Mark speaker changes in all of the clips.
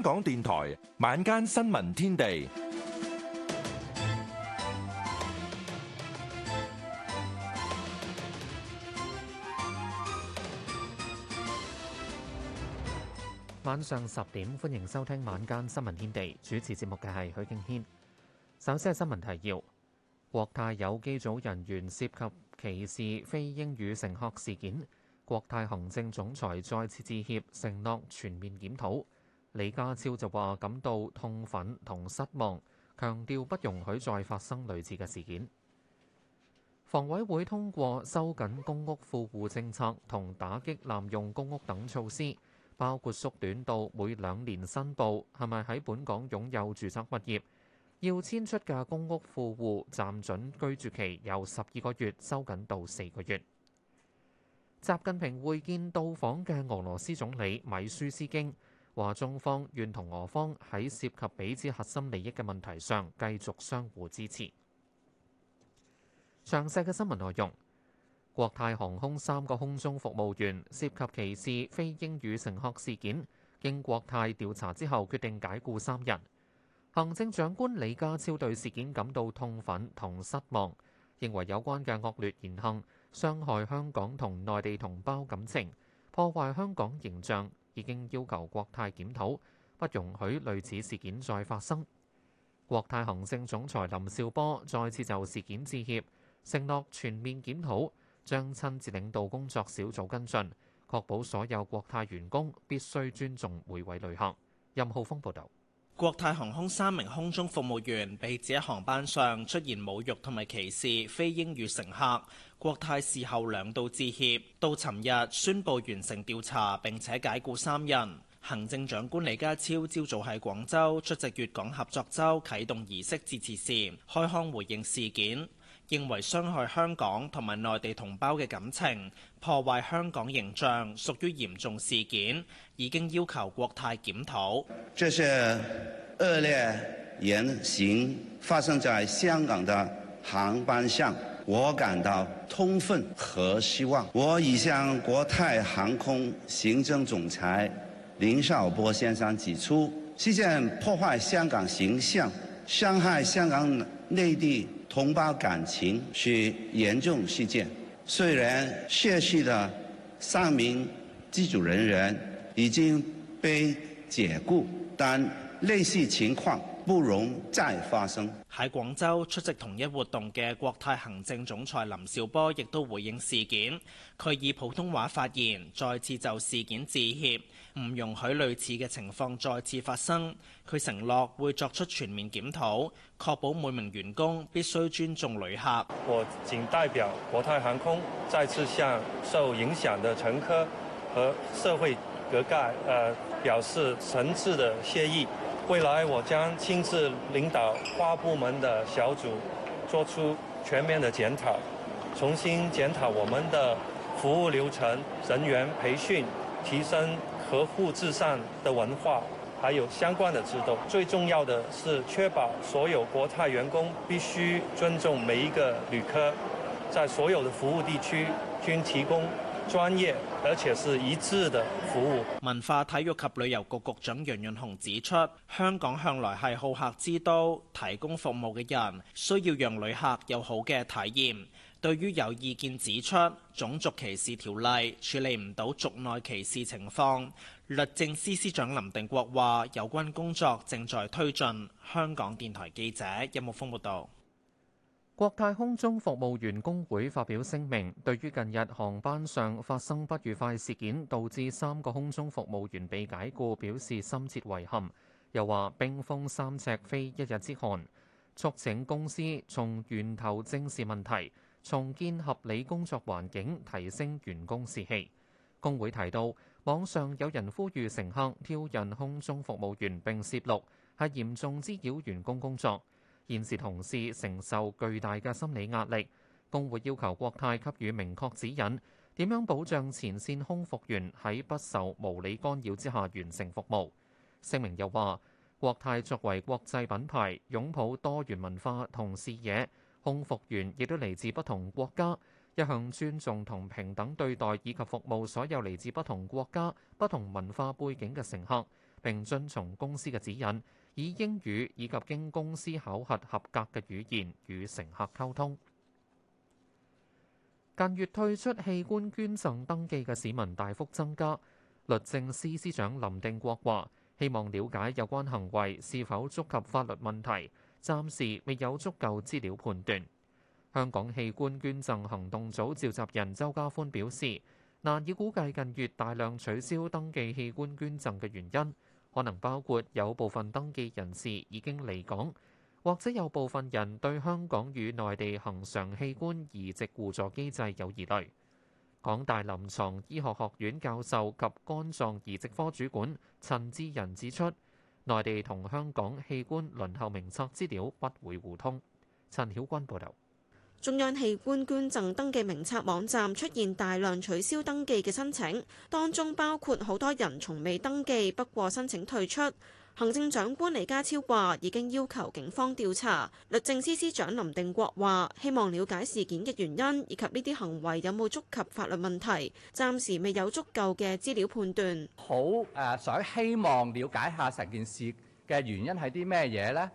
Speaker 1: 香港電台晚間新聞天地，
Speaker 2: 晚上十點歡迎收聽晚間新聞天地。主持節目嘅係許敬軒。首先係新聞提要：國泰有機組人員涉及歧視非英語乘客事件，國泰行政總裁再次致歉，承諾全面檢討。李家超就話感到痛憤同失望，強調不容許再發生類似嘅事件。房委會通過收緊公屋富戶政策同打擊濫用公屋等措施，包括縮短到每兩年申報，係咪喺本港擁有住宅物業要遷出嘅公屋富戶暫准居住期由十二個月收緊到四個月。習近平會見到訪嘅俄羅斯總理米舒斯京。話中方願同俄方喺涉及彼此核心利益嘅問題上繼續相互支持。詳細嘅新聞內容：國泰航空三個空中服務員涉及歧視非英語乘客事件，經國泰調查之後決定解雇三人。行政長官李家超對事件感到痛憤同失望，認為有關嘅惡劣言行傷害香港同內地同胞感情，破壞香港形象。已經要求國泰檢討，不容許類似事件再發生。國泰行政總裁林紹波再次就事件致歉，承諾全面檢討，將親自領導工作小組跟進，確保所有國泰員工必須尊重每位旅客。任浩峰報導。國泰航空三名
Speaker 3: 空中服務員被指喺航班上出現侮辱同埋歧視非英語乘客，國泰事後兩度致歉，到尋日宣布完成調查，並且解雇三人。行政長官李家超朝早喺廣州出席粵港合作周啟動儀式致辭時開腔回應事件，認為傷害香港同埋內地同胞嘅感情。破壞香港形象屬於嚴重事件，已經要求國泰檢討。這些惡劣言行發生在香港的航班上，我感到痛憤和失望。我已向國泰航空行政總裁林少波先生指出，事件破壞香港形象、傷害香港內地同胞感情，是嚴重事件。雖然涉事的三名機組人員已經被解雇，但類似情況不容再發生。喺廣州出席同一活動嘅國泰行政總裁林紹波亦都回應事件，佢以普通話發言，再次就事件致歉。唔容許類似嘅情況再次發生。佢承諾會作出全面檢討，確保每名員工必須尊重旅客。我僅代表
Speaker 2: 國泰航空再次向受影響的乘客和社會各界，呃，表示誠摯的歉意。未來我將親自領導跨部門的小組，作出全面的檢討，重新檢討我們的服務流程、人員培訓，提升，和富至善的文化，還有相關的制度。最重要的是，確保所有國泰員工必須尊重每一個旅客，在所有的服務地區均提供專業而且是一致的服務。
Speaker 3: 文化體育及旅遊局局局長楊潤雄指出，香港向來係好客之都，提供服務嘅人需要讓旅客有好嘅體驗。對於有意見指出種族歧視條例處理唔到族內歧視情況，律政司司長林定國話：有關工作正在推進。香港電台記者任木豐報道。
Speaker 2: 國泰空中服務員工會發表聲明，對於近日航班上發生不愉快事件，導致三個空中服務員被解雇，表示深切遺憾。又話：冰封三尺非一日之寒，促請公司從源頭正視問題。重建合理工作環境，提升員工士氣。工會提到，網上有人呼籲乘客挑釁空中服務員並攝錄，係嚴重滋擾員工工作，現時同事承受巨大嘅心理壓力。工會要求國泰給予明確指引，點樣保障前線空服員喺不受無理干擾之下完成服務。聲明又話，國泰作為國際品牌，擁抱多元文化同視野。空服員亦都嚟自不同國家，一向尊重同平等對待，以及服務所有嚟自不同國家、不同文化背景嘅乘客。並遵從公司嘅指引，以英語以及經公司考核合格嘅語言與乘客溝通。近月退出器官捐贈登記嘅市民大幅增加，律政司司長林定國話：希望了解有關行為是否觸及法律問題。暫時未有足夠資料判斷。香港器官捐贈行動組召集人周家歡表示，難以估計近月大量取消登記器官捐贈嘅原因，可能包括有部分登記人士已經離港，或者有部分人對香港與內地恒常器官移植互助機制有疑慮。港大臨床醫學學院教授及肝臟移植科主管陳志仁指出，內地同香港器官輪候名冊資料不會互通。陳曉君報導，
Speaker 4: 中央器官捐贈登記名冊網站出現大量取消登記嘅申請，當中包括好多人從未登記，不過申請退出。行政長官李家超話已經要求警方調查，律政司司長林定國話希望了解事件嘅原因以及呢啲行為有冇觸及法律問題，暫時未有足夠嘅資料判斷。好誒，想希望了解下成件事嘅原因係啲咩嘢呢？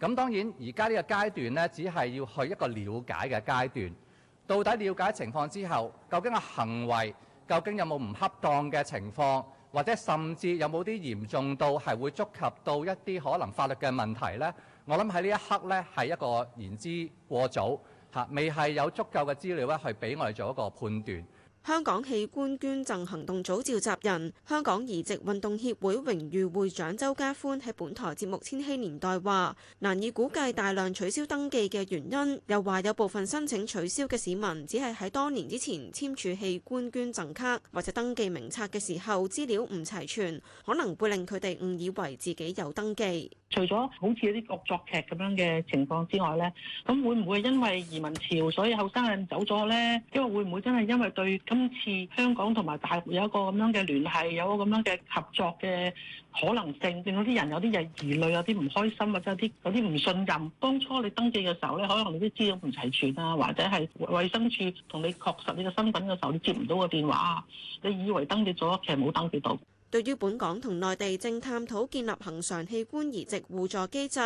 Speaker 2: 咁當然而家呢個階段呢，只係要去一個了解嘅階段。到底了解情況之後，究竟個行為究竟有冇唔恰當嘅情況？或者甚至有冇啲嚴重到係會觸及到一啲可能法律嘅問題咧？我諗喺呢一刻咧係一個言之過早嚇，未係有足夠嘅資料
Speaker 5: 咧去俾我哋做一個判斷。
Speaker 4: 香港器官捐贈行動組召集人、香港移植運動協會榮譽會長周家歡喺本台節目《千禧年代》話：難以估計大量取消登記嘅原因，又話有部分申請取消嘅市民只係喺多年之前簽署器官捐贈卡或者登記名冊嘅時候資料唔齊全，可能會令佢哋誤以為自己有登記。除
Speaker 6: 咗好似有啲惡作劇咁樣嘅情況之
Speaker 4: 外咧，咁會唔會因為移民潮，所以後生人走咗
Speaker 6: 咧？因為會唔會真係因為對今次香港同埋大陸有一個咁樣嘅聯繫，有一個咁樣嘅合作嘅可能性，令到啲人有啲嘢疑慮，有啲唔開心或者有啲有啲唔信任？當初你登記嘅時候咧，可能你啲資料唔齊全啊，或者係衛生署同你確實你嘅身份嘅時候，你接唔到個電話啊，你以為登記咗，其實冇登記到。
Speaker 4: 對於本港同內地正探討建立恒常器官移植互助機制，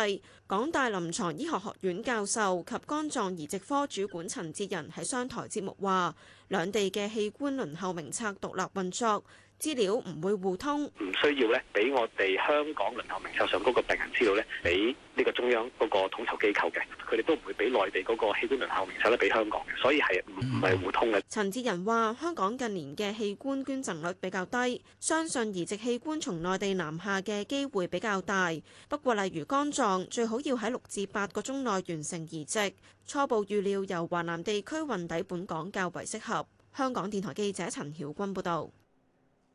Speaker 4: 港大臨床醫學學院教授及肝臟移植科主管陳哲仁喺商台節目話：兩地嘅器官輪候名冊獨立運作。資料唔會互通，
Speaker 7: 唔需要咧。俾我哋香港輪候名冊上嗰個病人資料咧，俾呢個中央嗰個統籌機構嘅，佢哋都唔會俾內地嗰個器官輪候名冊咧俾香港嘅，所以係唔
Speaker 4: 唔係互通嘅。陳志仁話：香港近年嘅器官捐贈率比較低，相信移植器官從內地南下嘅機會比較大。不過，例如肝臟最好要喺六至八個鐘內完成移植。初步預料由華南地區運抵本港較為適合。香港電台記者陳曉君報導。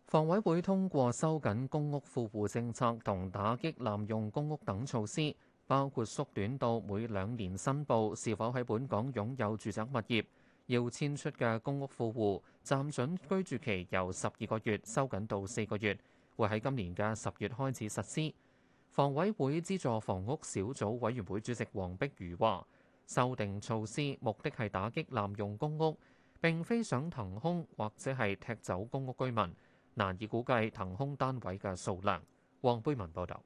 Speaker 2: 房委會通過收緊公屋富戶政策同打擊濫用公屋等措施，包括縮短到每兩年申報是否喺本港擁有住宅物業，要遷出嘅公屋富戶暫准居住期由十二個月收緊到四個月，會喺今年嘅十月開始實施。房委會資助房屋小組委員會主席黃碧如話，修訂措施目的係打擊濫用公屋，並非想騰空或者係踢走公屋居民。難以估計騰空單位嘅數量。黃貝文報道，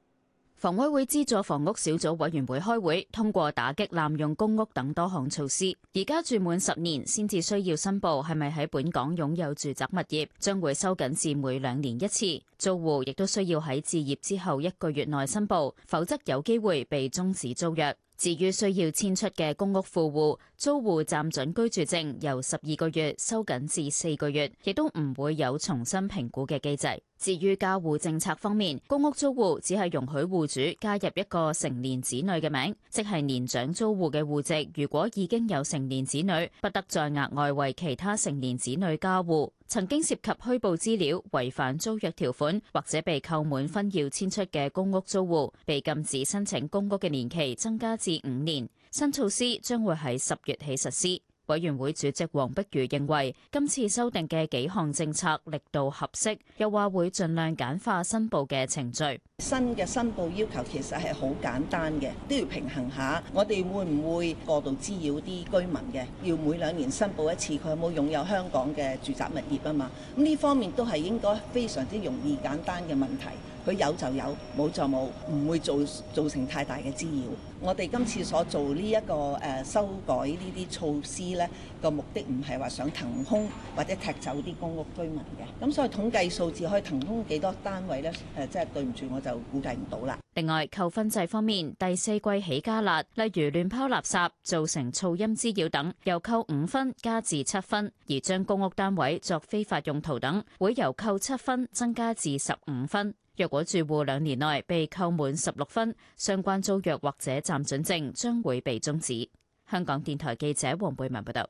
Speaker 8: 房委會資助房屋小組委員會開會，通過打擊濫用公屋等多項措施。而家住滿十年先至需要申報係咪喺本港擁有住宅物業，將會收緊至每兩年一次。租戶亦都需要喺置業之後一個月內申報，否則有機會被終止租約。至於需要遷出嘅公屋富戶租戶暫準居住證由十二個月收緊至四個月，亦都唔會有重新評估嘅機制。至於加戶政策方面，公屋租戶只係容許戶主加入一個成年子女嘅名，即係年長租戶嘅戶籍。如果已經有成年子女，不得再額外為其他成年子女加戶。曾經涉及虛報資料、違反租約條款或者被扣滿分要遷出嘅公屋租戶，被禁止申請公屋嘅年期增加至五年。新措施將會喺十月起實施。委員會主席黃碧如認為，今次修訂嘅幾項政策力度合適，又話會盡量簡化申報嘅程序。新嘅申報要求其實係好簡單嘅，都要
Speaker 6: 平衡下。我哋會唔會過度滋擾啲居民嘅？要每兩年申報一次，佢有冇擁有香港嘅住宅物業啊嘛？咁呢方面都係應該非常之容易簡單嘅問題。佢有就有，冇就冇，唔會造造成太大嘅滋擾。我哋今次所做呢一個誒修改呢啲措施呢，個目的唔係話想騰空或者踢走啲公屋居民嘅，咁所以統計數字可以騰空幾多單位呢？誒，即係對唔住，我就估計唔到啦。
Speaker 8: 另外，扣分制方面，第四季起加辣，例如亂拋垃，垃圾、造成噪音滋擾等，由扣五分加至七分；而將公屋單位作非法用途等，會由扣七分增加至十五分。若果住戶兩年內被扣滿十六分，相關租約或者暫准證將會被終止。香港電台記者黃貝文報道。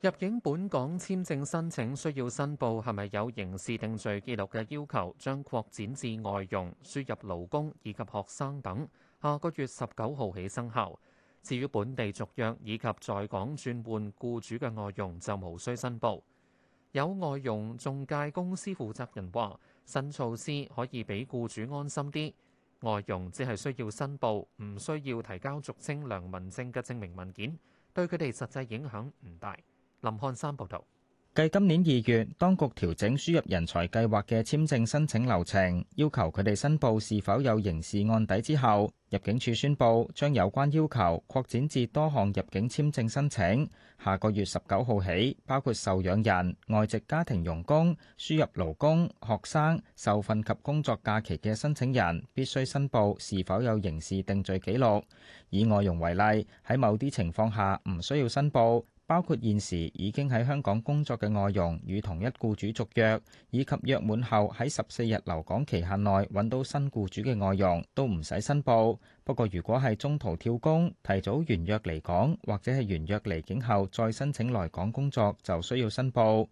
Speaker 2: 入境本港簽證申請需要申報係咪有刑事定罪記錄嘅要求，將擴展至外傭、輸入勞工以及學生等。下個月十九號起生效。至於本地續約以及在港轉換雇主嘅外傭就無需申報。有外傭仲介公司負責人話：新措施可以俾雇主安心啲。外傭只係需要申報，唔需要提交俗稱良民證嘅證明文件，對佢哋實際影響唔大。林漢山報道，
Speaker 9: 繼今年二月當局調整輸入人才計劃嘅簽證申請流程，要求佢哋申報是否有刑事案底之後，入境處宣佈將有關要求擴展至多項入境簽證申請。下個月十九號起，包括受養人、外籍家庭傭工、輸入勞工、學生、受訓及工作假期嘅申請人，必須申報是否有刑事定罪記錄。以外傭為例，喺某啲情況下唔需要申報。包括現時已經喺香港工作嘅外傭與同一雇主續約，以及約滿後喺十四日留港期限內揾到新雇主嘅外傭都唔使申報。不過，如果係中途跳工、提早完約離港，或者係完約離境後再申請來港工作，就需要申報。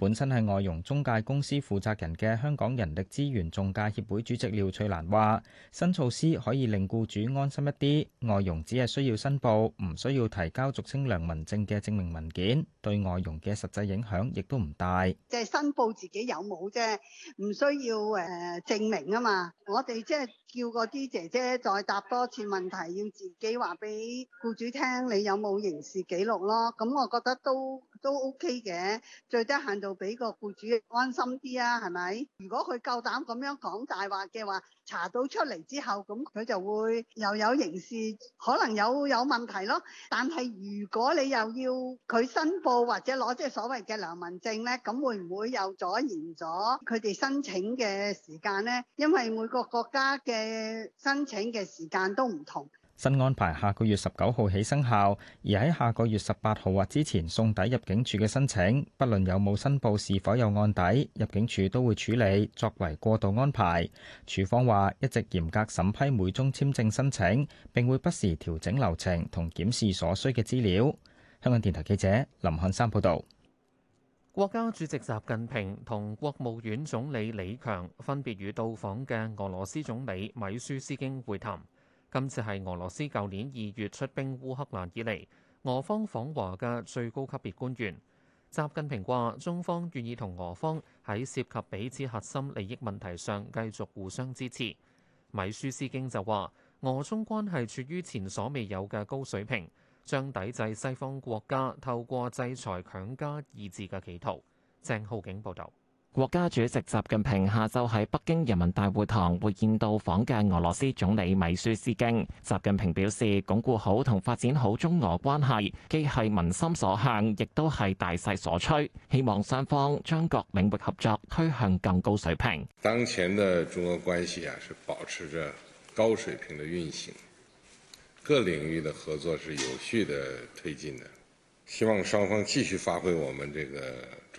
Speaker 9: 本身係外傭中介公司負責人嘅香港人力資源仲介協會主席廖翠蘭話：新措施可以令雇主安心一啲，外傭只係需要申報，唔需要提交俗稱良民證嘅證明文件，對外傭嘅實際影響亦都唔大。即
Speaker 10: 係申報自己有冇啫，唔需要誒證明啊嘛。我哋即係叫嗰啲姐姐再答多次問題，要自己話俾雇主聽你有冇刑事記錄咯。咁我覺得都都 OK 嘅，最低限度俾個僱主安心啲啊，係咪？如果佢夠膽咁樣講大話嘅話，查到出嚟之後，咁佢就會又有刑事，可能有有問題咯。但係如果你又要佢申報或者攞即係所謂嘅良民證呢，咁會唔會又阻延咗佢哋申請嘅時間呢？因為每個國家嘅申請嘅時間都唔同。
Speaker 9: 新安排下個月十九號起生效，而喺下個月十八號或之前送抵入境處嘅申請，不論有冇申報是否有案底，入境處都會處理作為過渡安排。處方話一直嚴格審批每宗簽證申請，並會不時調整流程同檢視所需嘅資料。香港電台記者林漢山報道。
Speaker 2: 國家主席習近平同國務院總理李強分別與到訪嘅俄羅斯總理米舒斯京會談。今次係俄羅斯舊年二月出兵烏克蘭以嚟，俄方訪華嘅最高級別官員，習近平話：中方願意同俄方喺涉及彼此核心利益問題上繼續互相支持。米舒斯京就話：俄中關係處於前所未有嘅高水平，將抵制西方國家透過制裁強加意志嘅企圖。鄭浩景報導。
Speaker 11: 國家主席習近平下晝喺北京人民大會堂會見到訪嘅俄羅斯總理米舒斯京。習近平表示，鞏固好同發展好中俄關係，既係民心所向，亦都係大勢所趨。希望雙方將各領域合作推向更高水平。
Speaker 7: 當前的中俄關係啊，是保持着高水平的運行，各領域的合作是有序的推進的。希望雙方繼續發揮我們這個。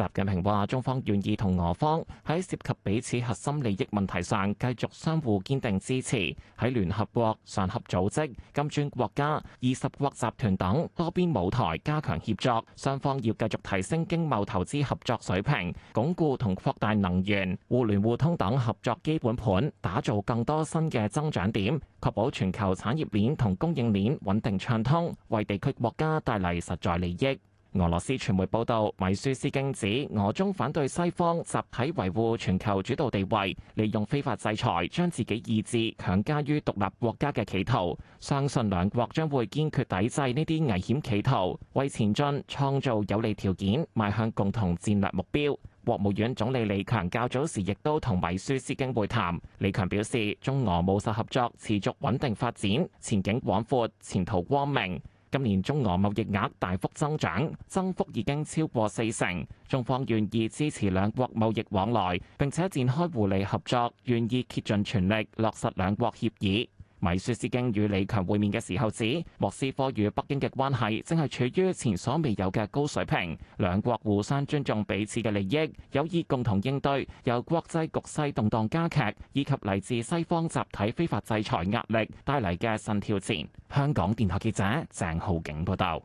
Speaker 11: 習近平話：中方願意同俄方喺涉及彼此核心利益問題上繼續相互堅定支持，喺聯合國、上合組織、金磚國家、二十國集團等多邊舞台加強協作。雙方要繼續提升經貿投資合作水平，鞏固同擴大能源、互聯互通等合作基本盤，打造更多新嘅增長點，確保全球產業鏈同供應鏈穩定暢通，為地區國家帶嚟實在利益。俄羅斯傳媒報導，米舒斯京指俄中反對西方集體維護全球主導地位，利用非法制裁將自己意志強加於獨立國家嘅企圖。相信兩國將會堅決抵制呢啲危險企圖，為前進創造有利條件，邁向共同戰略目標。國務院總理李強較早時亦都同米舒斯京會談，李強表示，中俄務實合作持續穩定發展，前景廣闊，前途光明。今年中俄貿易額大幅增長，增幅已經超過四成。中方願意支持兩國貿易往來，並且展開互利合作，願意竭盡全力落實兩國協議。米舒斯京與李強會面嘅時候指，莫斯科與北京嘅關係正係處於前所未有嘅高水平，兩國互相尊重彼此嘅利益，有意共同應對由國際局勢動盪加劇以及嚟自西方集體非法制裁壓力帶嚟嘅新挑戰。香港電台記者鄭浩景報道。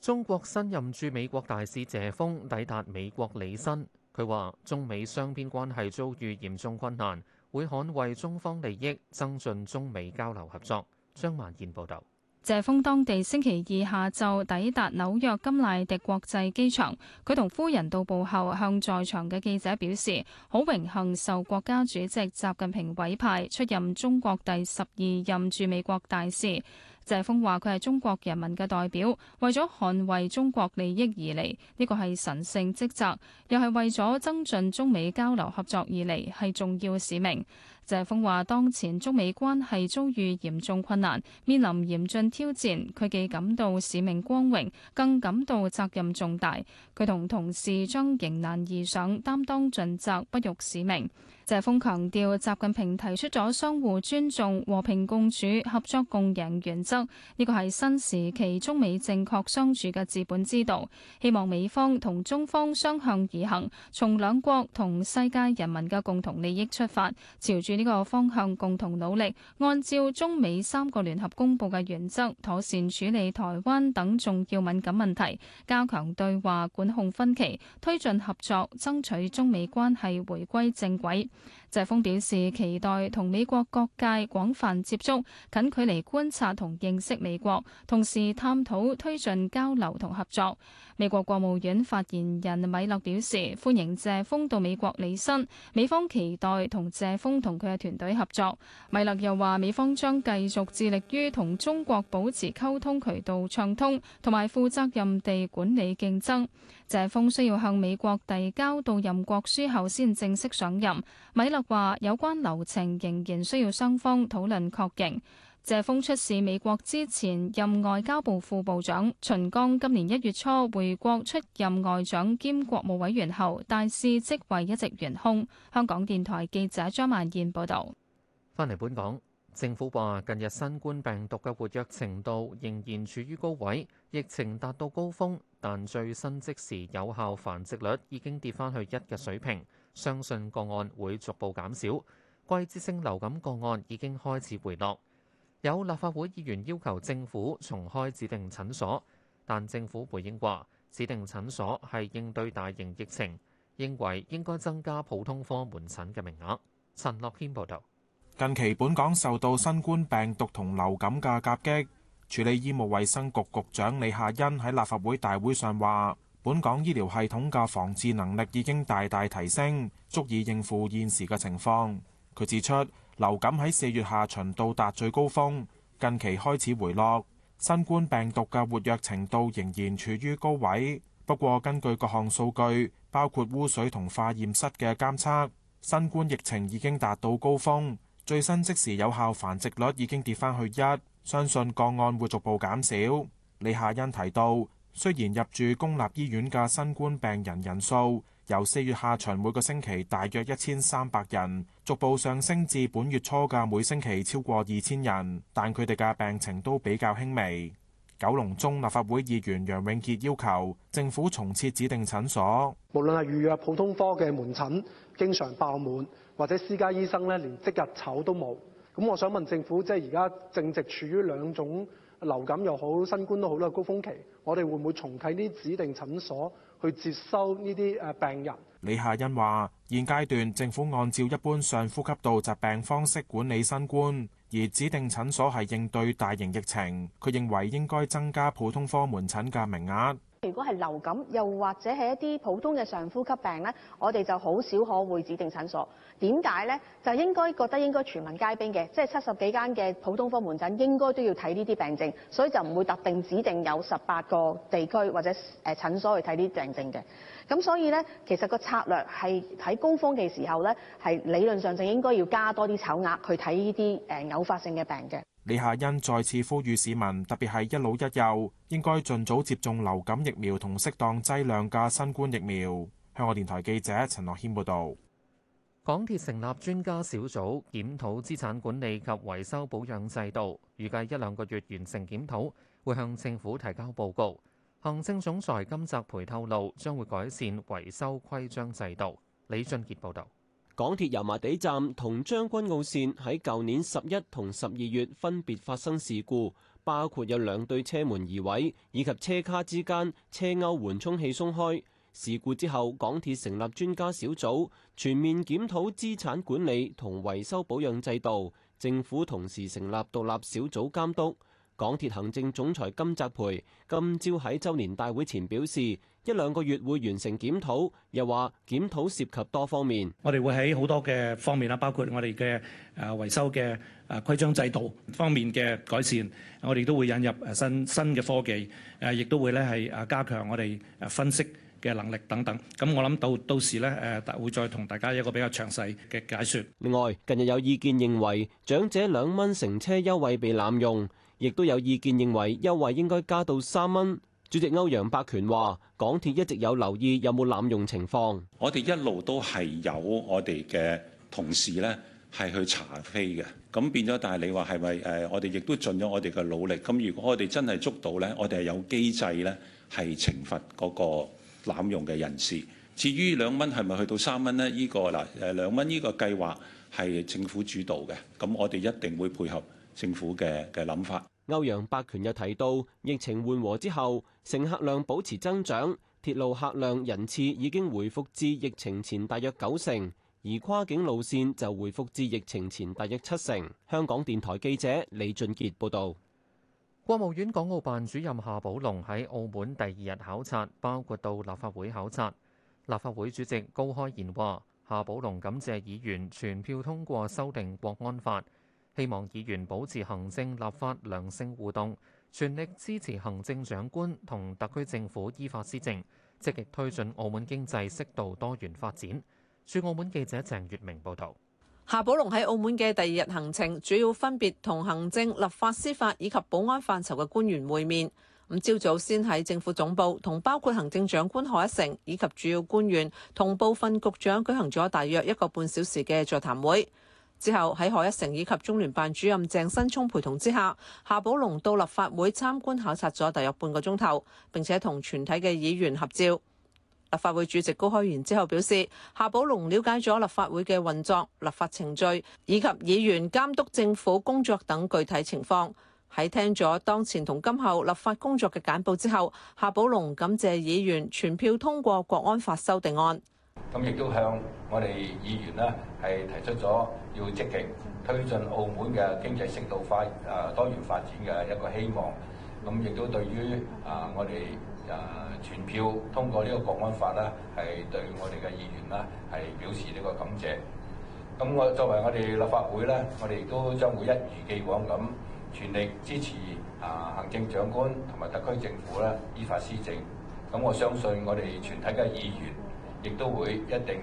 Speaker 2: 中國新任駐美國大使謝峰抵達美國履新，佢話中美雙邊關係遭遇嚴重困難。會捍衛中方利益，增進中美交流合作。張萬燕報道：
Speaker 10: 「謝鋒當地星期二下晝抵達紐約甘迺迪國際機場，佢同夫人到步後，向在場嘅記者表示：好榮幸受國家主席習近平委派，出任中國第十二任駐美國大使。謝鋒話：佢係中國人民嘅代表，為咗捍衛中國利益而嚟，呢個係神聖職責；又係為咗增進中美交流合作而嚟，係重要使命。謝鋒話：當前中美關係遭遇嚴重困難，面臨嚴峻挑戰。佢既感到使命光榮，更感到責任重大。佢同同事將迎難而上，擔當盡責，不辱使命。謝鋒強調，習近平提出咗相互尊重、和平共處、合作共贏原則，呢個係新時期中美正確相處嘅治本之道。希望美方同中方相向而行，從兩國同世界人民嘅共同利益出發，朝住，幾個方向共同努力，按照中美三個聯合公布嘅原則，妥善處理台灣等重要敏感問題，加強對話管控分歧，推進合作，爭取中美關係回歸正軌。謝鋒表示期待同美國各界廣泛接觸，近距離觀察同認識美國，同時探討、推進交流同合作。美國國務院發言人米勒表示歡迎謝鋒到美國履新，美方期待同謝鋒同佢嘅團隊合作。米勒又話美方將繼續致力於同中國保持溝通渠道暢通，同埋負責任地管理競爭。謝鋒需要向美國遞交到任國書後先正式上任。米勒話有關流程仍然需要雙方討論確認。謝鋒出使美國之前，任外交部副部長秦剛今年一月初回國出任外長兼國務委員後，大使職位一直懸空。香港電台記者張曼燕報道。
Speaker 2: 翻嚟本港，政府話近日新冠病毒嘅活躍程度仍然處於高位，疫情達到高峰，但最新即時有效繁殖率已經跌翻去一嘅水平。相信個案會逐步減少，季節性流感個案已經開始回落。有立法會議員要求政府重開指定診所，但政府回應話，指定診所係應對大型疫情，認為應該增加普通科門診嘅名額。陳樂謙報道。
Speaker 1: 近期本港受到新冠病毒同流感嘅夾擊，處理醫務衛生局局長李夏茵喺立法會大會上話。本港醫療系統嘅防治能力已經大大提升，足以應付現時嘅情況。佢指出，流感喺四月下旬到達最高峰，近期開始回落。新冠病毒嘅活躍程度仍然處於高位，不過根據各項數據，包括污水同化驗室嘅監測，新冠疫情已經達到高峰。最新即時有效繁殖率已經跌翻去一，相信個案會逐步減少。李夏欣提到。雖然入住公立醫院嘅新冠病人人數由四月下旬每個星期大約一千三百人，逐步上升至本月初嘅每星期超過二千人，但佢哋嘅病情都比較輕微。九龍中立法會議員楊永杰要求政府重設指定診所。無論係預約普通科嘅門診，經常爆滿，或者私家醫生呢連即日籌都冇。咁我想問政府，即係而家正值處於兩種。流感又好，新冠都好啦，高峰期，我哋會唔會重啟啲指定診所去接收呢啲誒，病人？李夏茵話，現階段政府按照一般上呼吸道疾病方式管理新冠，而指定診所係應對大型疫情。佢認為應該增加普通科門診嘅名額。
Speaker 4: 如果係流感，又或者係一啲普通嘅上呼吸病咧，我哋就好少可會指定診所。點解咧？就應該覺得應該全民皆兵嘅，即係七十幾間嘅普通科門診應該都要睇呢啲病症，所以就唔會特定指定有十八個地區或者誒診所去睇呢啲病症嘅。咁所以咧，其實個策略係喺高峯嘅時候咧，係理論上就應該要加多啲籌額去睇呢啲誒偶發性嘅病嘅。
Speaker 1: 李夏欣再次呼籲市民，特別係一老一幼，應該盡早接種流感疫苗同適當劑量嘅新冠疫苗。香港電台記者陳樂軒報導。港鐵成立專家小組檢討資產管理及維修保養制
Speaker 2: 度，預計一兩個月完成檢討，會向政府提交報告。行政總裁金澤培透露，將會改善維修規章制度。李俊傑報導。
Speaker 7: 港鐵油麻地站同將軍澳線喺舊年十一同十二月分別發生事故，包括有兩對車門移位，以及車卡之間車鈎緩衝器鬆開。事故之後，港鐵成立專家小組，全面檢討資產管理同維修保養制度。政府同時成立獨立小組監督。港鐵行政總裁金澤培今朝喺周年大會前表示：一兩個月會完成檢討，又話檢討涉及多方面。我哋會喺好多嘅方面啊，包括我哋嘅誒維修嘅誒規章制度方面嘅改善，我哋都會引入誒新新嘅科技，誒亦都會咧係誒加強我哋誒分析嘅能力等等。咁我諗到到時咧誒，會再同大家一個比較詳細嘅解說。另外，近日有意見認為長者兩蚊乘車優惠被濫用，亦都有意見認為優惠應該加到三蚊。主席歐陽伯權話：港鐵一直有留意有冇濫用情況。我哋一路都係有我哋嘅同事咧，係去查飛嘅。咁變咗，但係你話係咪？誒，我哋亦都盡咗我哋嘅努力。咁如果我哋真係捉到咧，我哋係有機制咧，係懲罰嗰個濫用嘅人士。至於兩蚊係咪去到三蚊咧？呢個嗱，誒兩蚊呢個計劃係政府主導嘅，咁我哋一定會配合政府嘅嘅諗法。歐陽伯權又提到，疫情緩和之後，乘客量保持增長，鐵路客量人次已經回復至疫情前大約九成，而跨境路線就回復至疫情前大約七成。香港電台記者李俊杰報道。國務院港澳辦主
Speaker 2: 任夏寶龍喺澳門第二日考察，包括到立法會考察。立法會主席高開賢話，夏寶龍感謝議員全票通過修訂國安法。希望議員保持行政立法良性互動，全力支持行政長官同特區政府依法施政，積極推進澳門經濟適度多元發展。駐澳門記者鄭月明報道。
Speaker 6: 夏寶龍喺澳門嘅第二日行程主要分別同行政、立法、司法以及保安範疇嘅官員會面。咁朝早先喺政府總部同包括行政長官賀一誠以及主要官員同部分局長舉行咗大約一個半小時嘅座談會。之後喺賀一誠以及中聯辦主任鄭新聰陪同之下，夏寶龍到立法會參觀考察咗大約半個鐘頭，並且同全體嘅議員合照。立法會主席高開賢之後表示，夏寶龍了解咗立法會嘅運作、立法程序以及議員監督政府工作等具體情況。喺聽咗當前同今後立法工作嘅簡報之後，夏寶龍感謝議員全票通過《國安法》修訂案。
Speaker 7: 咁亦都向我哋議員呢，係提出咗要積極推進澳門嘅經濟適度化、誒多元發展嘅一個希望。咁亦都對於啊，我哋啊全票通過呢個《國安法》呢，係對我哋嘅議員呢，係表示呢個感謝。咁我作為我哋立法會呢，我哋亦都將會一如既往咁全力支持啊行政長官同埋特區政府呢，依法施政。咁我相信我哋全體嘅議員，亦都會一定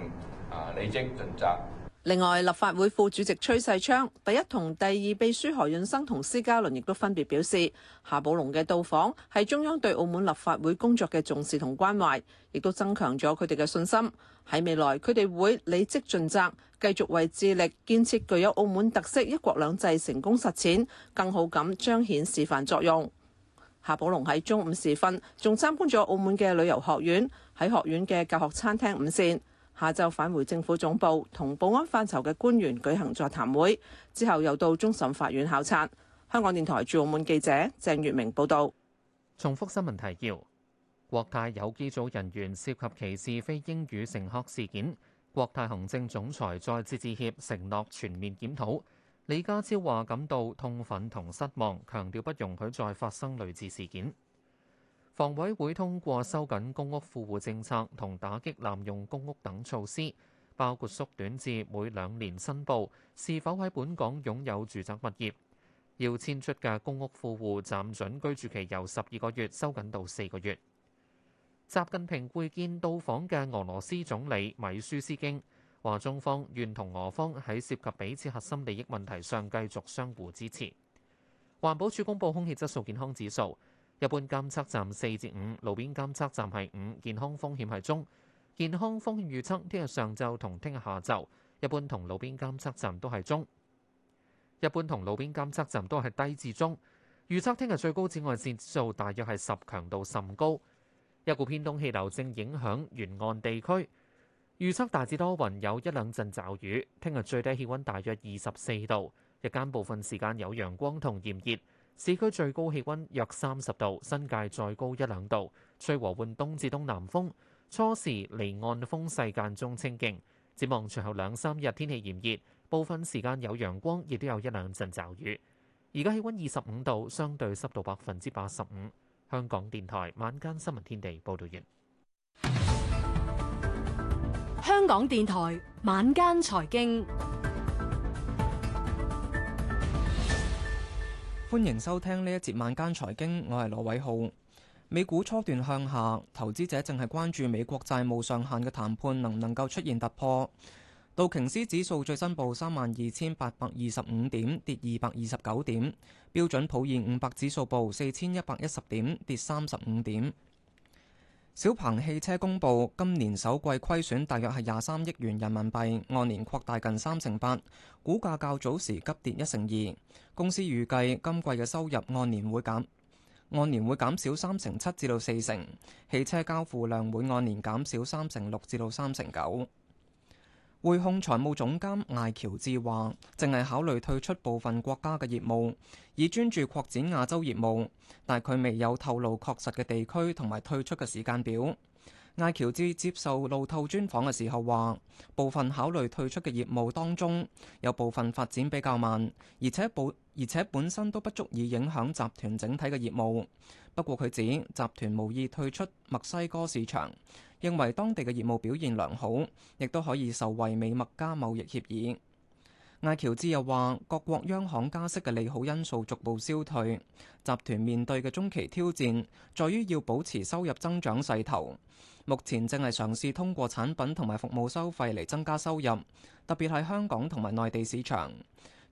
Speaker 7: 啊，履職盡責。
Speaker 6: 另外，立法會副主席崔世昌、第一同第二秘書何潤生同施嘉倫亦都分別表示，夏寶龍嘅到訪係中央對澳門立法會工作嘅重視同關懷，亦都增強咗佢哋嘅信心。喺未來，佢哋會履職盡責，繼續為致力建設具有澳門特色一國兩制成功實踐，更好咁彰顯示範作用。夏寶龍喺中午時分仲參觀咗澳門嘅旅遊學院，喺學院嘅教學餐廳午膳。下晝返回政府總部，同保安範疇嘅官員舉行座談會，之後又到終審法院考察。香港電台駐澳門記者鄭月明報道。重複新聞提要：國
Speaker 2: 泰有機組人員涉及歧視非英語乘客事件，國泰行政總裁再次致歉，承諾全面檢討。李家超話感到痛憤同失望，強調不容許再發生類似事件。房委會通過收緊公屋富戶政策同打擊濫用公屋等措施，包括縮短至每兩年申報是否喺本港擁有住宅物業，要遷出嘅公屋富戶暫准居住期由十二個月收緊到四個月。習近平會見到訪嘅俄羅斯總理米舒斯京。話中方願同俄方喺涉及彼此核心利益問題上繼續相互支持。環保署公布空氣質素健康指數，一般監測站四至五，路邊監測站係五，健康風險係中。健康風險預測，聽日上晝同聽日下晝，一般同路邊監測站都係中。一般同路邊監測站都係低至中。預測聽日最高紫外線指數大約係十，強度甚高。一股偏東氣流正影響沿岸地區。預測大致多雲，有一兩陣驟雨。聽日最低氣溫大約二十四度，日間部分時間有陽光同炎熱。市區最高氣溫約三十度，新界再高一兩度。吹和緩東至東南風，初時離岸風勢間中清勁。展望隨後兩三日天氣炎熱，部分時間有陽光，亦都有一兩陣驟雨。而家氣溫二十五度，相對濕度百分之八十五。香港電台晚間新聞天地報道完。
Speaker 4: 香港電台晚間
Speaker 10: 財經，
Speaker 12: 歡迎收聽呢一節晚間財經，我係羅偉浩。美股初段向下，投資者淨係關注美國債務上限嘅談判能唔能夠出現突破。道瓊斯指數最新報三萬二千八百二十五點，跌二百二十九點；標準普爾五百指數報四千一百一十點，跌三十五點。小鵬汽車公布今年首季虧損大約係廿三億元人民幣，按年擴大近三成八。股價較早時急跌一成二。公司預計今季嘅收入按年會減，按年會減少三成七至到四成。汽車交付量會按年減少三成六至到三成九。匯控財務總監艾喬治話，淨係考慮退出部分國家嘅業務，以專注擴展亞洲業務。但佢未有透露確實嘅地區同埋退出嘅時間表。艾喬治接受路透專訪嘅時候話，部分考慮退出嘅業務當中有部分發展比較慢，而且本而且本身都不足以影響集團整體嘅業務。不過佢指集團無意退出墨西哥市場。認為當地嘅業務表現良好，亦都可以受惠美墨加貿易協議。艾喬茲又話，各國央行加息嘅利好因素逐步消退，集團面對嘅中期挑戰，在於要保持收入增長勢頭。目前正係嘗試通過產品同埋服務收費嚟增加收入，特別係香港同埋內地市場。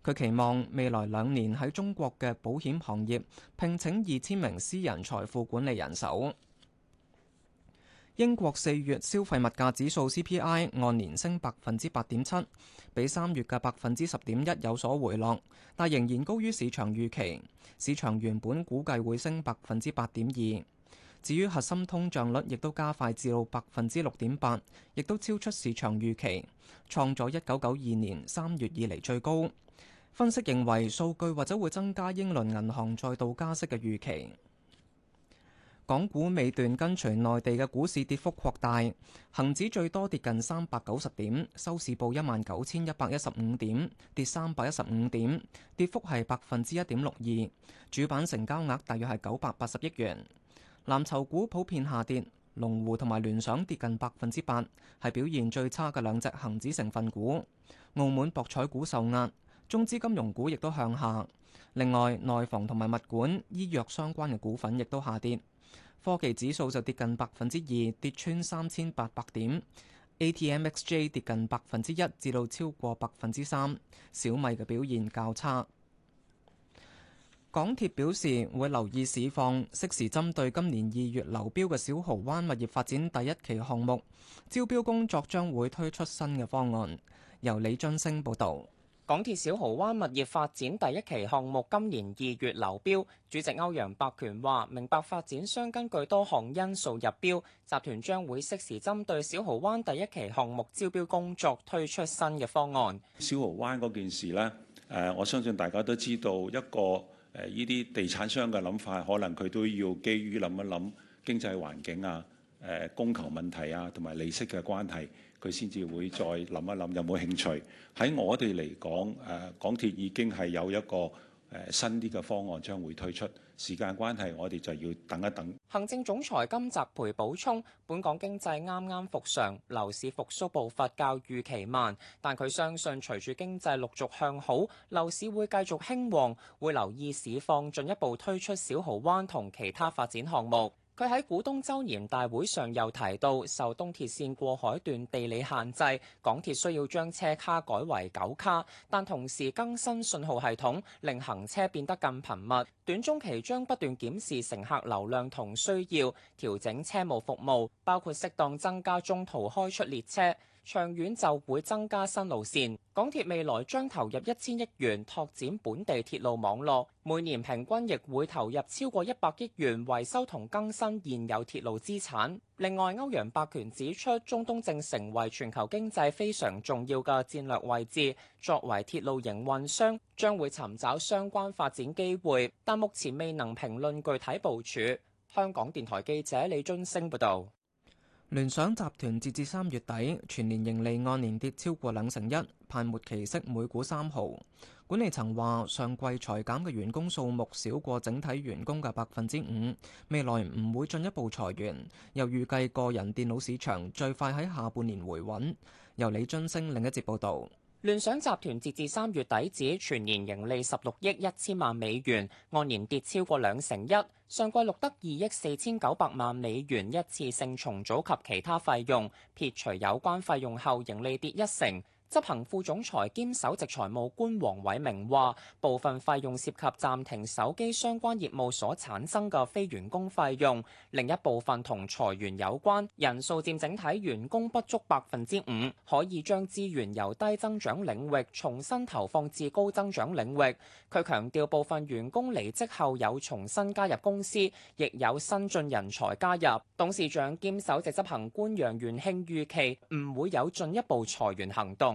Speaker 12: 佢期望未來兩年喺中國嘅保險行業聘請二千名私人財富管理人手。英國四月消費物價指數 CPI 按年升百分之八點七，比三月嘅百分之十點一有所回落，但仍然高於市場預期。市場原本估計會升百分之八點二。至於核心通脹率，亦都加快至到百分之六點八，亦都超出市場預期，創咗一九九二年三月以嚟最高。分析認為，數據或者會增加英倫銀行再度加息嘅預期。港股尾段跟隨內地嘅股市跌幅擴大，恒指最多跌近三百九十點，收市報一萬九千一百一十五點，跌三百一十五點，跌幅係百分之一點六二。主板成交額大約係九百八十億元。藍籌股普遍下跌，龍湖同埋聯想跌近百分之八，係表現最差嘅兩隻恒指成分股。澳門博彩股受壓，中資金融股亦都向下。另外，內房同埋物管、醫藥相關嘅股份亦都下跌。科技指數就跌近百分之二，跌穿三千八百點。A T M X J 跌近百分之一，至到超過百分之三。小米嘅表現較差。港鐵表示會留意市況，適時針對今年二月流標嘅小蠔灣物業發展第一期項目招標工作，將會推出新嘅方案。由李津升報導。
Speaker 5: 港鐵小蠔灣物業發展第一期項目今年二月流標，主席歐陽伯權話：明白發展商根據多項因素入標，集團將會適時針對小蠔灣第一期項目招標工作推出新嘅
Speaker 7: 方案。小蠔灣嗰件事呢，誒我相信大家都知道，一個誒呢啲地產商嘅諗法，可能佢都要基於諗一諗經濟環境啊、誒供求問題啊同埋利息嘅關係。佢先至會再諗一諗有冇興趣。喺我哋嚟講，誒港鐵已經係有一個誒新啲嘅方案將會推出。時間關係，我哋就要等一等。行政總裁金澤培補
Speaker 5: 充：本港經濟啱啱復常，樓市復甦步伐較預期慢，但佢相信隨住經濟陸續向好，樓市會繼續興旺。會留意市況，進一步推出小豪灣同其他發展項目。佢喺股東周年大會上，又提到，受東鐵綫過海段地理限制，港鐵需要將車卡改為九卡，但同時更新信號系統，令行車變得更頻密。短中期將不斷檢視乘客流量同需要，調整車務服務，包括適當增加中途開出列車。長遠就會增加新路線，港鐵未來將投入一千億元拓展本地鐵路網絡，每年平均亦會投入超過一百億元維修同更新現有鐵路資產。另外，歐陽伯權指出，中東正成為全球經濟非常重要嘅戰略位置，作為鐵路營運商，將會尋找相關發展機會，但目前未能評論具體部署。香港電台記者李津星報道。
Speaker 12: 聯想集團截至三月底全年盈利按年跌超過兩成一，派末期息每股三毫。管理層話上季裁減嘅員工數目少過整體員工嘅百分之五，未來唔會進一步裁員。又預計個人電腦市場最快喺下半年回穩。由李津升另一節報道。
Speaker 5: 聯想集團截至三月底止，全年盈利十六億一千萬美元，按年跌超過兩成一。上季錄得二億四千九百萬美元一次性重組及其他費用，撇除有關費用後，盈利跌一成。執行副總裁兼首席財務官黃偉明話：部分費用涉及暫停手機相關業務所產生嘅非員工費用，另一部分同裁員有關，人數佔整體員工不足百分之五，可以將資源由低增長領域重新投放至高增長領域。佢強調，部分員工離職後有重新加入公司，亦有新進人才加入。董事長兼首席執行官楊元慶預期唔會有進一步裁員行動。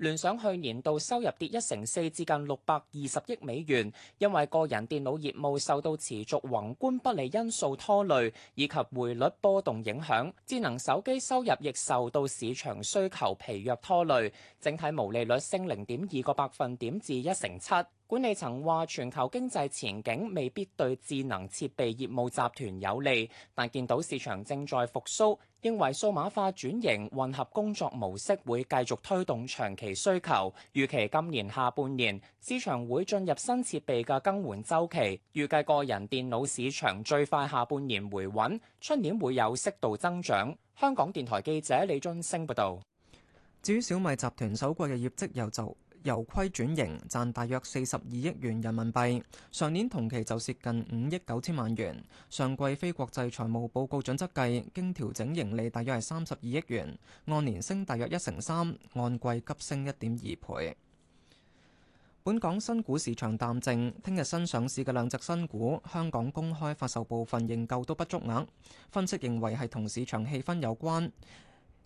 Speaker 5: 聯想去年度收入跌一成四，至近六百二十億美元，因為個人電腦業務受到持續宏觀不利因素拖累，以及匯率波動影響；智能手機收入亦受到市場需求疲弱拖累，整體毛利率升零點二個百分點至一成七。管理層話：全球經濟前景未必對智能設備業務集團有利，但見到市場正在復甦，認為數碼化轉型、混合工作模式會繼續推動長期需求。預期今年下半年市場會進入新設備嘅更換周期，預計個人電腦市場最快下半年回穩，出年會有適度增長。香港電台記者李忠星報導。
Speaker 12: 至於小米集團首季嘅業績有就？由虧轉盈賺大約四十二億元人民幣，上年同期就蝕近五億九千萬元。上季非國際財務報告準則計，經調整盈利大約係三十二億元，按年升大約一成三，按季急升一點二倍。本港新股市場淡靜，聽日新上市嘅兩隻新股香港公開發售部分認購都不足額，分析認為係同市場氣氛有關。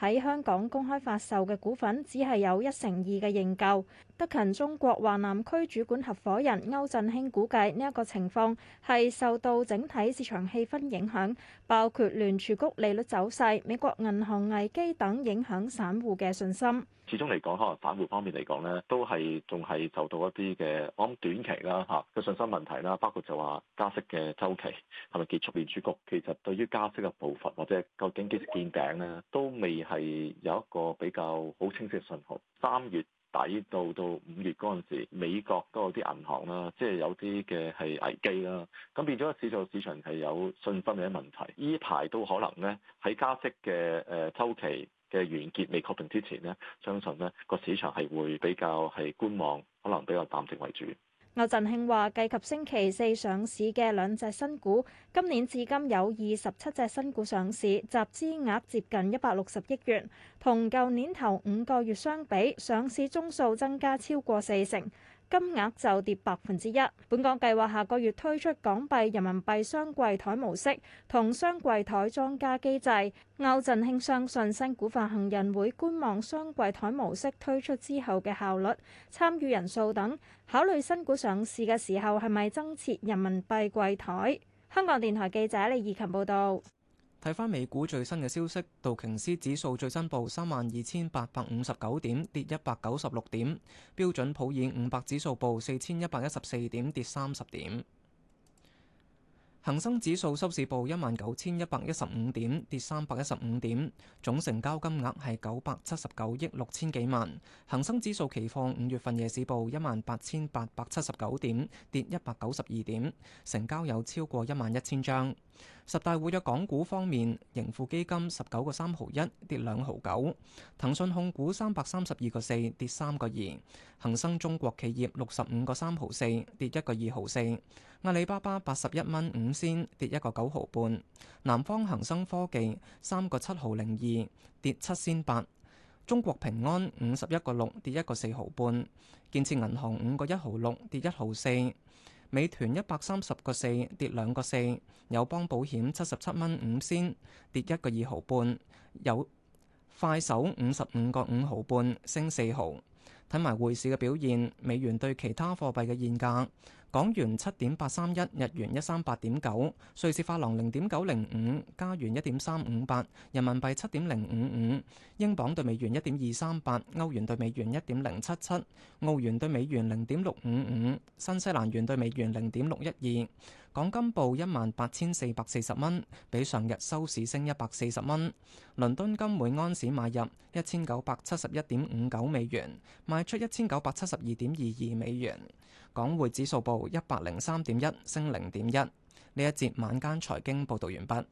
Speaker 13: 喺香港公開發售嘅股份，只係有一成二嘅認購。德勤中國華南區主管合夥人歐振興估計呢一個情況係受到整體市場氣氛影響，包括聯儲局利率走勢、美國銀行危機等影響散戶嘅信心。
Speaker 7: 始終嚟講，可能散戶方面嚟講呢都係
Speaker 2: 仲係受到一啲嘅，我諗短期啦嚇嘅信心問題啦，包括就話加息嘅
Speaker 7: 周期係咪結束聯儲局？其實對於加息嘅步伐或者究竟幾時見頂呢，都未係有一個比較好清晰嘅信號。三月。睇到到
Speaker 1: 五月嗰陣時，美國都有啲銀行啦，即係有啲嘅係危機啦，咁變咗個市場係有信心嘅問題。呢排都可能咧，喺加息嘅
Speaker 2: 誒週期嘅完結未確定之前咧，相信咧個市場係會比較係觀望，可能比較淡靜為主。
Speaker 13: 劉振慶話，計及星期四上市嘅兩隻新股，今年至今有二十七隻新股上市，集資額接近一百六十億元，同舊年頭五個月相比，上市宗數增加超過四成。金額就跌百分之一。本港計劃下個月推出港幣、人民幣雙櫃台模式同雙櫃台莊家機制。歐振興相信新股發行人會觀望雙櫃台模式推出之後嘅效率、參與人數等，考慮新股上市嘅時候係咪增設人民幣櫃台。香港電台記者李怡琴報道。
Speaker 12: 睇翻美股最新嘅消息，道瓊斯指數最新報三萬二千八百五十九點，跌一百九十六點；標準普爾五百指數報四千一百一十四點，跌三十點。恒生指數收市報一萬九千一百一十五點，跌三百一十五點。總成交金額係九百七十九億六千幾萬。恒生指數期貨五月份夜市報一萬八千八百七十九點，跌一百九十二點，成交有超過一萬一千張。十大活躍港股方面，盈富基金十九個三毫一，跌兩毫九，騰訊控股三百三十二個四，跌三個二，恒生中國企業六十五個三毫四，跌一個二毫四，阿里巴巴八十一蚊五仙，跌一個九毫半，南方恒生科技三個七毫零二，跌七仙八，中國平安五十一個六，跌一個四毫半，建設銀行五個一毫六，跌一毫四。美團一百三十個四，跌兩個四。友邦保險七十七蚊五仙，跌一個二毫半。有快手五十五個五毫半，升四毫。睇埋匯市嘅表現，美元對其他貨幣嘅現價。港元七點八三一，日元一三八點九，瑞士法郎零點九零五，加元一點三五八，人民幣七點零五五，英鎊對美元一點二三八，歐元對美元一點零七七，澳元對美元零點六五五，新西蘭元對美元零點六一二。港金報一萬八千四百四十蚊，比上日收市升一百四十蚊。倫敦金每安士買入一千九百七十一點五九美元，賣出一千九百七十二點二二美元。港匯指數報一百零三點一，升零點一。呢一節晚間財經報道完畢。